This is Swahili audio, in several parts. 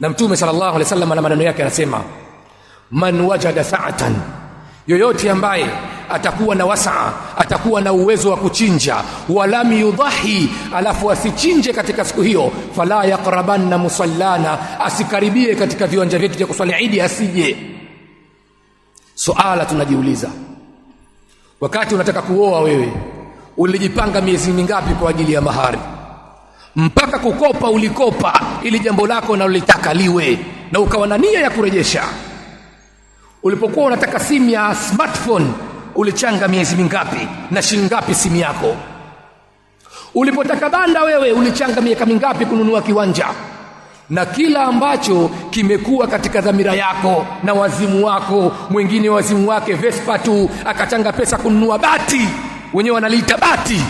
na mtume sallallahu alaihi wasallam na maneno yake anasema man wajada sa'atan yoyote ambaye atakuwa na wasaa atakuwa na uwezo wa kuchinja walam yudhahi alafu asichinje katika siku hiyo fala yaqrabanna musallana asikaribie katika viwanja vyetu vya kuswali idi asije suala tunajiuliza wakati unataka kuoa wewe ulijipanga miezi mingapi kwa ajili ya mahari mpaka kukopa ulikopa ili jambo lako unalolitaka liwe na ukawa na nia ya kurejesha ulipokuwa unataka simu ya smartphone ulichanga miezi mingapi na shilingi ngapi simu yako ulipotaka banda wewe ulichanga miaka mingapi kununua kiwanja na kila ambacho kimekuwa katika dhamira yako na wazimu wako mwingine wazimu wake vespa tu akachanga pesa kununua bati wenyewe wanaliita bati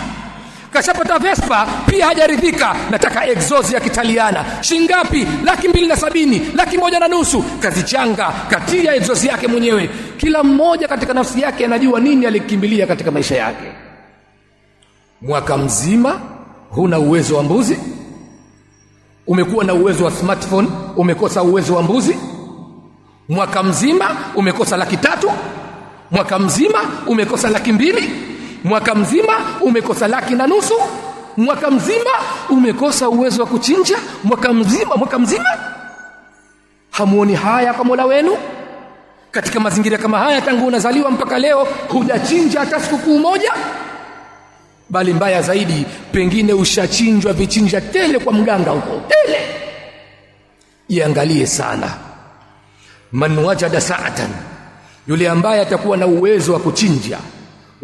kashapata vespa pia hajaridhika nataka exosi ya kitaliana shingapi laki mbili na sabini laki moja na nusu kazichanga katia exosi yake mwenyewe kila mmoja katika nafsi yake anajua nini alikimbilia katika maisha yake mwaka mzima huna uwezo wa mbuzi umekuwa na uwezo wa smartphone umekosa uwezo wa mbuzi mwaka mzima umekosa laki tatu mwaka mzima umekosa laki mbili mwaka mzima umekosa laki na nusu mwaka mzima umekosa uwezo wa kuchinja mwaka mzima mwaka mzima hamuoni haya kwa Mola wenu katika mazingira kama haya tangu unazaliwa mpaka leo hujachinja hata sikukuu moja bali mbaya zaidi pengine ushachinjwa vichinja tele kwa mganga huko tele iangalie sana man wajada sa'atan yule ambaye atakuwa na uwezo wa kuchinja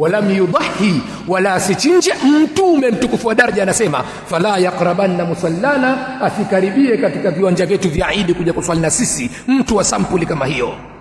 walam miyudhi wala sichinje mtume mtukufu wa daraja anasema fala yaqrabanna musallana asikaribie katika viwanja vyetu vya idi kuja kuswali na sisi mtu wa sampuli kama hiyo